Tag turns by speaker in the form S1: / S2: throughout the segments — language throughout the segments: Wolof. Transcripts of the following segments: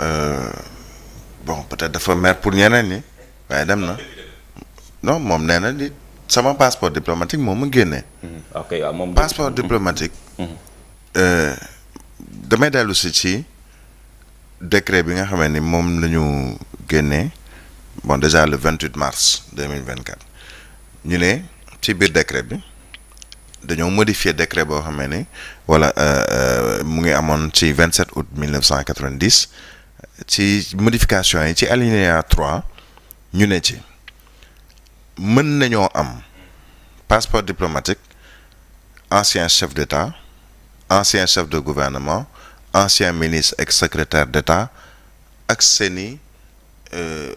S1: Euh, bon peut dafa mer pour ñeneen ñi waaye dem na no moom nee na ni sama passeport diplomatique moom ma génnee. Mm-hmm. ok waaw moom passeport mm-hmm. diplomatique. Mm-hmm. Euh, damay dellu si ci décret bi nga xamee ni moom lañu ñu génnee bon déjà le 28 mars 2024 ñu ne ci biir décret bi dañoo modifier décret boo xamee ni wala euh, mu ngi amoon ci 27 août 1990. ci modification yi ci alinéa 3 ñu ne ci mën nañoo am passeport diplomatique ancien chef d'état ancien chef de gouvernement ancien ministre ak secrétaire d'état ak seeni euh,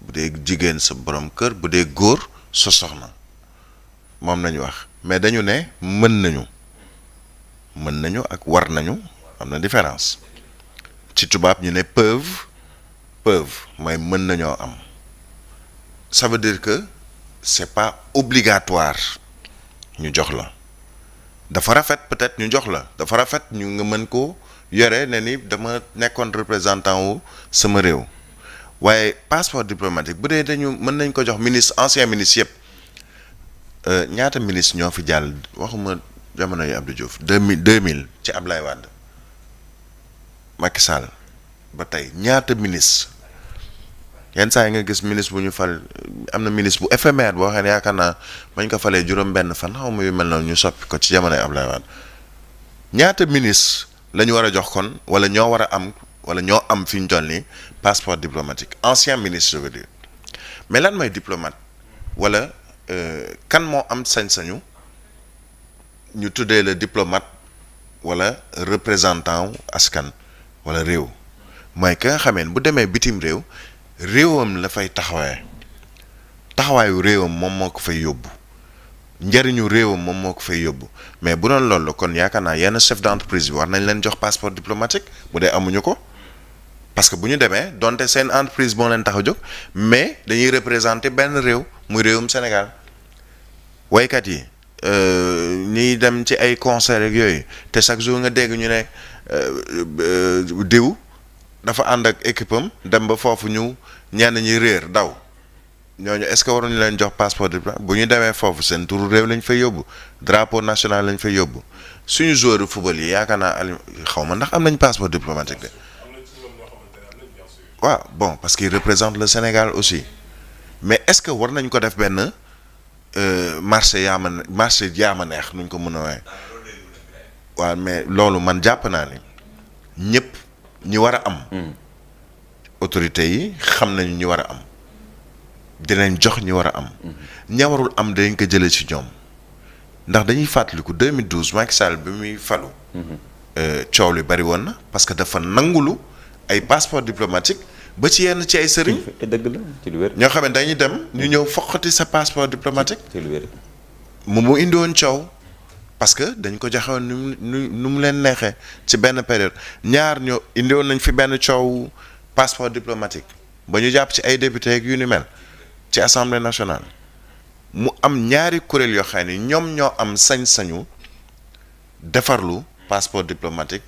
S1: bu dee jigéen sa borom kër bu dee góor sa soxna moom nañu wax mais dañu ne mën nañu mën nañu ak war nañu am na différence ci tubaab ñu ne peuvent peuvent mooy mën nañoo am ça veut dire que c'est pas obligatoire ñu jox la dafa rafet peut-être ñu jox la dafa rafet ñu nga mën ko yore ne ni dama nekkoon représentant wu sama réew waaye passeport diplomatique bu dee dañu mën nañ ko jox ministre ancien ministre yëpp euh, ñaata ministre ñoo fi jàll waxuma jamono yu Abdou Diouf deux mille deux mille ci Ablaye Wade Macky Sall ba tey ñaata ministre yenn saa yi nga gis ministre bu ñu fal am na ministre bu éphémère boo xam ne yaakaar naa bañ ko falee juróom-benn fan xaw ma yu mel noonu ñu soppi ko ci jamonoy Abdoulaye Wade ñaata ministre la ñu war a jox kon wala ñoo war a am wala ñoo am fi ñu toll nii passeport diplomatique ancien ministre je veux dire mais lan mooy diplomate wala euh, kan moo am sañ-sañu ñu tuddee la diplomate wala représentant askan wala réew. mooy ki nga xamee bu demee bitim réew réewam la fay taxawaaye taxawaayu réewam moom moo ko fay yóbbu njëriñu réewam moom moo ko fay yóbbu mais bu doon loolu kon yaakaar naa yenn chef d'entreprise bi war nañ leen jox passeport diplomatique bu dee amuñu ko parce que bu ñu demee donte seen entreprise moo leen taxa jóg mais dañuy représenter benn réew muy réewum Sénégal waykat yi euh, ñuy dem ci ay conseil ak yooyu te chaque jour nga dégg ñu ne euh, euh, diw dafa ànd ak équipe dem ba foofu ñu ñenn ñi réer daw ñooñu est-ce que waruñu leen jox passeport diplomate bu ñu demee foofu seen turu réew lañ fay yóbbu drapeau national lañ fay yóbbu suñu joueur football yi yaakaar naa ali xaw ma ndax am nañ passeport diplomatique de waaw bon parce qu'il représente le Sénégal aussi mais est-ce que war nañ ko def benn euh, marché yaa ma marché yaa ma neex nuñ ko mën a waaye ah, waaw mais loolu man jàpp naa ni ñëpp. ñi war a am. Hmm. autorités yi xam nañu ñu war a am dinañ jox ñu war a am. Hmm. ña am dinañ ko jële ci ñoom ndax dañuy fàttaliku 2012 Macky Sall bi muy falu. Hmm. Euh, coow li bari woon na parce que dafa nangulu ay passeport diplomatique ba ci yenn ci ay sëriñ. ñoo xam ne dañuy dem ñu ñëw foqati sa passeport diplomatique. ci lu wér. mu mu indi woon coow. parce que dañ ko joxewoon nu mu nu mu leen neexee ci benn période ñaar ñoo indiwoon nañ fi benn coow passeport diplomatique ba ñu jàpp ci ay député ak yu ni mel ci assemblée nationale mu am ñaari kuréel yoo xam ne ñoom ñoo am sañ-sañu defarlu passeport diplomatique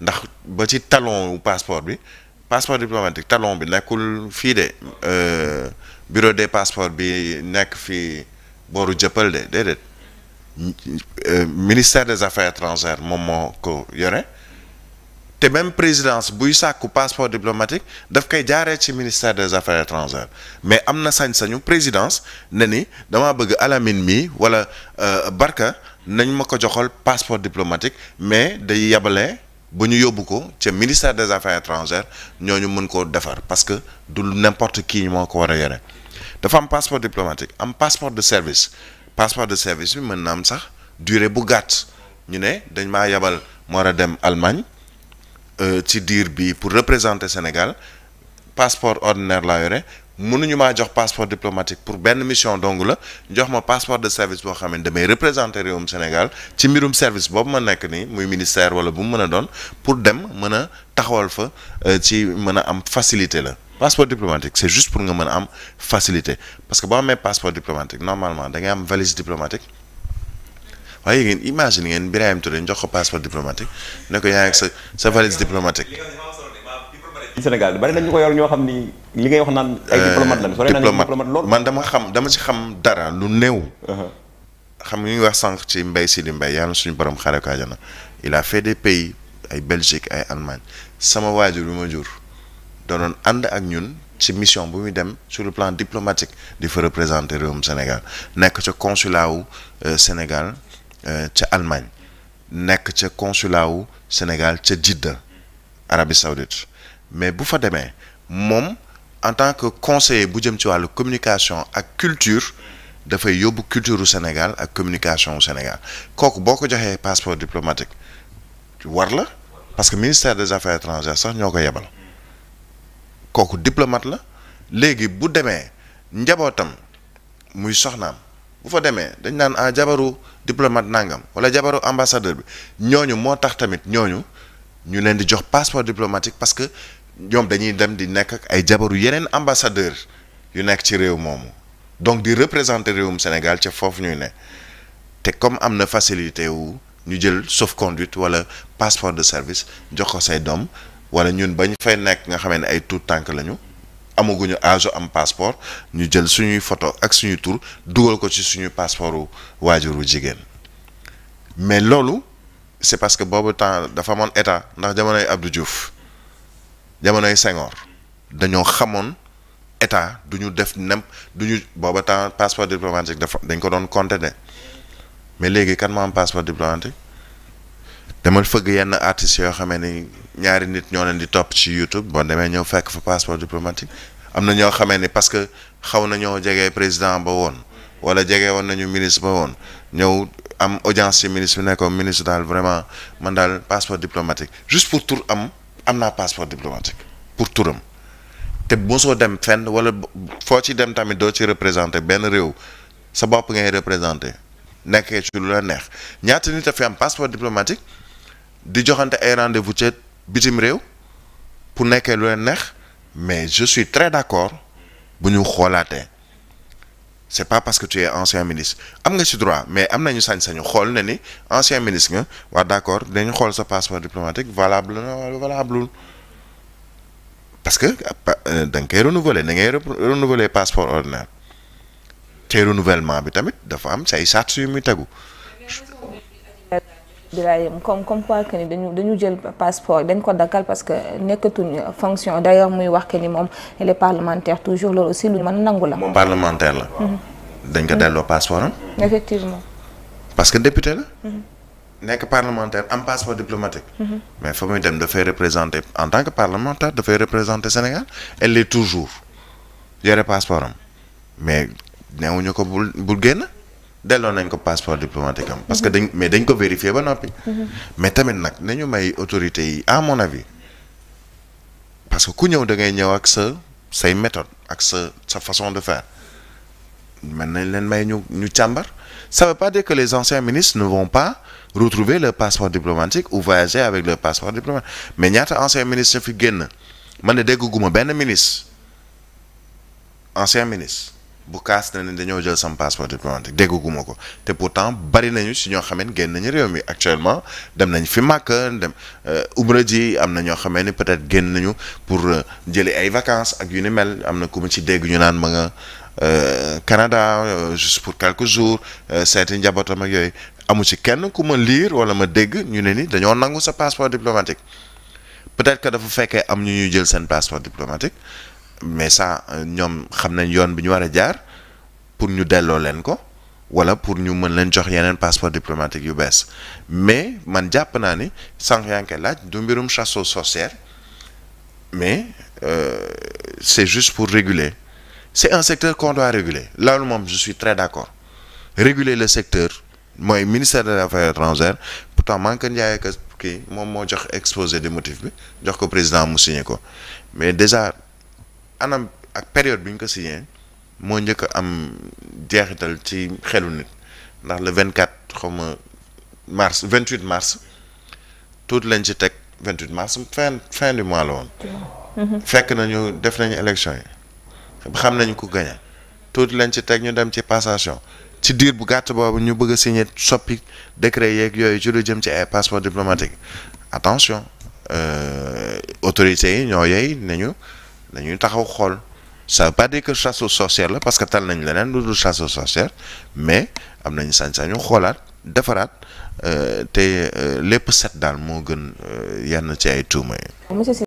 S1: ndax ba ci talon wu passeport bi passeport diplomatique talon bi nekkul fii de euh, bureau des passeports bi nekk fii booru jëppal de déedéet. Euh, ministère des affaires étrangères moom moo ko yore te même présidence buy sàkku passeport diplomatique daf koy jaaree ci ministère des affaires étrangères mais am na sañ-sañu présidence ne ni dama bëgg Alamine mii wala euh, Barka nañ ma ko joxal passeport diplomatique mais day yabale bu ñu yóbbu ko ca ministère des affaires ñoo ñu mën koo defar parce que du n'importe ñu moo ko war a yore dafa am passeport diplomatique am passeport de service passement de service bi mën na am sax durée bu gàtt ñu ne dañ maa yabal ma war a dem Allemagne euh, ci diir bi pour représenter Sénégal passeport ordinaire laa yore mënuñu maa jox passeport diplomatique pour benn mission dong la jox ma passeport de service boo xam ne damay représenter réewum Sénégal ci mbirum service boobu ma nekk nii muy ministère wala bu mu mën a doon pour dem mën a taxawal fa euh, ci mën a am facilité la. passeport diplomatique c' est juste pour nga mën a am facilité parce que boo amee passeport diplomatique normalement da ngay am valise diplomatique waaye ngeen imagine ngeen Birahim Touré jox ko passeport diplomatique ne ko yaa ngi sa sa valise diplomatique. Sénégal bari nañ ñu ñoo xam ni li ngay wax naan ay euh, diplomate lañ. soo diplomate lool man dama xam dama ci xam dara lu néew. Uh-huh. xam nga ñu ngi wax sànq ci Mbaye Sidi Mbaye yàlla suñu borom xaaree ko na il a fait des pays ay Belgique ay Allemagne sama waajur bi ma jur. danoon ànd ak ñun ci mission bu muy dem sur le plan diplomatique di fa représenter réewum Sénégal nekk ca consulat wu euh, Sénégal euh, ca Allemagne nekk ca consulat wu Sénégal ca Jidda Arabie Saoudite mais bu fa demee moom en tant que conseiller bu jëm ci wàllu communication ak culture dafay yóbbu culture Sénégal ak communication Sénégal kooku boo ko joxee passeport diplomatique war la parce que ministère des affaires étrangères sax ñoo ko yebal kooku diplomate la léegi bu demee njabootam muy soxnaam bu fa demee dañ naan ah jabaru diplomate nangam wala jabaru ambassadeur bi ñooñu moo tax tamit ñooñu ñu leen di jox passeport diplomatique parce que ñoom dañuy dem di nekk ak ay jabaru yeneen ambassadeur yu nekk ci réew moomu donc di représenter réewum Sénégal ca foofu ñuy ne te comme am na facilité wu ñu jël sauf conduite wala passeport de service jox ko say doom wala ñun ba bañ fay nekk nga xamee ne ay tout tànk lañu amaguñu âge am passeport ñu jël suñuy photo ak suñuy tur dugal ko ci suñu waajur wu jigéen mais loolu c'est parce que boobu temps dafa amoon état ndax jamonoy Abdou Diouf jamonoy Senghor dañoo xamoon état du ñu def nem du ñu booba temps passeport diplomatique dafa dañ ko doon compter mais léegi kan moo am passeport diplomatique demal fëgg yenn artistes yoo xamee ni ñaari nit ñoo leen di topp ci YouTube boo demee ñëw fekk fa passeport diplomatique am na ñoo xamee ni parce que xaw na ñoo jege président ba woon wala jege woon nañu ministre ba woon ñëw am audience ci ministre bi nekkoon ministre daal vraiment man daal passeport diplomatique juste pour tur am am naa passeport diplomatique pour turam te mosoo dem fenn wala foo ci dem tamit doo ci représenté benn réew sa bopp ngay représenté nekkee ci lu la neex ñaata nit a fi am di joxante ay rendez-vous ca bitim réew pour nekkee lu leen neex mais je suis très d'accord bu ñu xoolaatee c'est pas parce que tu es ancien ministre am nga ci droit mais am nañu sañ-sañu xool ne ni ancien ministre nga waa d'accord dañu xool sa passeport diplomatique valable na wala valable parce que euh, da nga koy na da ngay renouveler passeport ordinaire te renouvellement bi tamit dafa am say sart yu muy tegu Birahim comme comme quoi que ni dañu dañu jël passeport dañ ko dakkal parce que nekkatuñ fonction d'ailleurs muy wax que ni moom elle parlementaire toujours loolu aussi lu mën nangu la. moom parlementaire la. Mhm. dañ ko delloo passeport am. effectivement. parce que député la. Mhm. nekk parlementaire am passeport diplomatique. Mhm. mais fa muy dem dafay représenter en tant que parlementaire dafay représenter Sénégal elle est toujours yore passeport am mais newuñu ko bul bul génn. delloo nañ ko passeport diplomatique am. parce que dañ mais dañ ko vérifier ba noppi. mais tamit nag nañu may autorité yi à mon avis parce que ku ñëw da ngay ñëw ak sa say méthode ak sa sa façon de faire man nañ leen may ñu ñu càmbar ça veut pas dire que les anciens ministres ne vont pas retrouver leur passeport diplomatique ou voyager avec leur passeport diplomatique mais ñaata anciens ministres fi génn man ne dégguma benn ministre ancien ministre. bu kaas na ne dañoo jël sama passeport diplomatique dégguma ko te pourtant bari nañu si ñoo xamee génn nañu réew mi actuellement dem nañu fi Màkka dem euh, umra ji am na ñoo xamee ni peut-être génn nañu pour euh, jëli ay vacances ak yu ni mel am na ku ma ci dégg ñu naan ma nga euh, Canada juste pour quelques jours seeti njabootam ak yooyu amu ci kenn ku ma liir wala ma dégg ñu ne nii dañoo nangu sa passeport diplomatique peut-être que dafa fekkee am ñu ñu jël seen passeport diplomatique mais ça ñoom xam nañ yoon bi ñu war a jaar pour ñu delloo leen ko wala pour ñu mën leen jox yeneen passeport diplomatique yu bees mais man jàpp naa ni sànq yaa laaj du mbirum chasse aux sorcières mais euh, c'est juste pour réguler c'est un secteur qu'on doit réguler loolu moom je suis très d'accord réguler le secteur mooy ministère des affaires étrangères pourtant Mankeur Ndiaye ak kii moom moo jox exposé des motifs bi jox ko président mu ko mais déjà anam ak période bi ñu ko signé moo njëkk am jeexital ci xelu nit ndax le vingt quatre xaw ma mars vingt huit mars tuuti lañ ci teg vingt huit mars fin fin du mois la woon. Mm-hmm. fekk nañu def nañu élection yi xam nañu ko gagné tuuti lañ ci teg ñu dem ci passation. ci diir bu gàtt boobu ñu bëgg a soppi décret yeeg yooyu ci lu jëm ci ay passeport diplomatique attention euh, autorités yi ñoo yey nañu dañuy taxaw xool sa veut pas dire que chasse aux sorcières la parce que tal nañ leneen lu dul chasse aux sorcières mais am nañ sañ-sañu xoolaat defaraat euh, te euh, lépp set daal moo gën euh, yenn ci ay tuuma yi.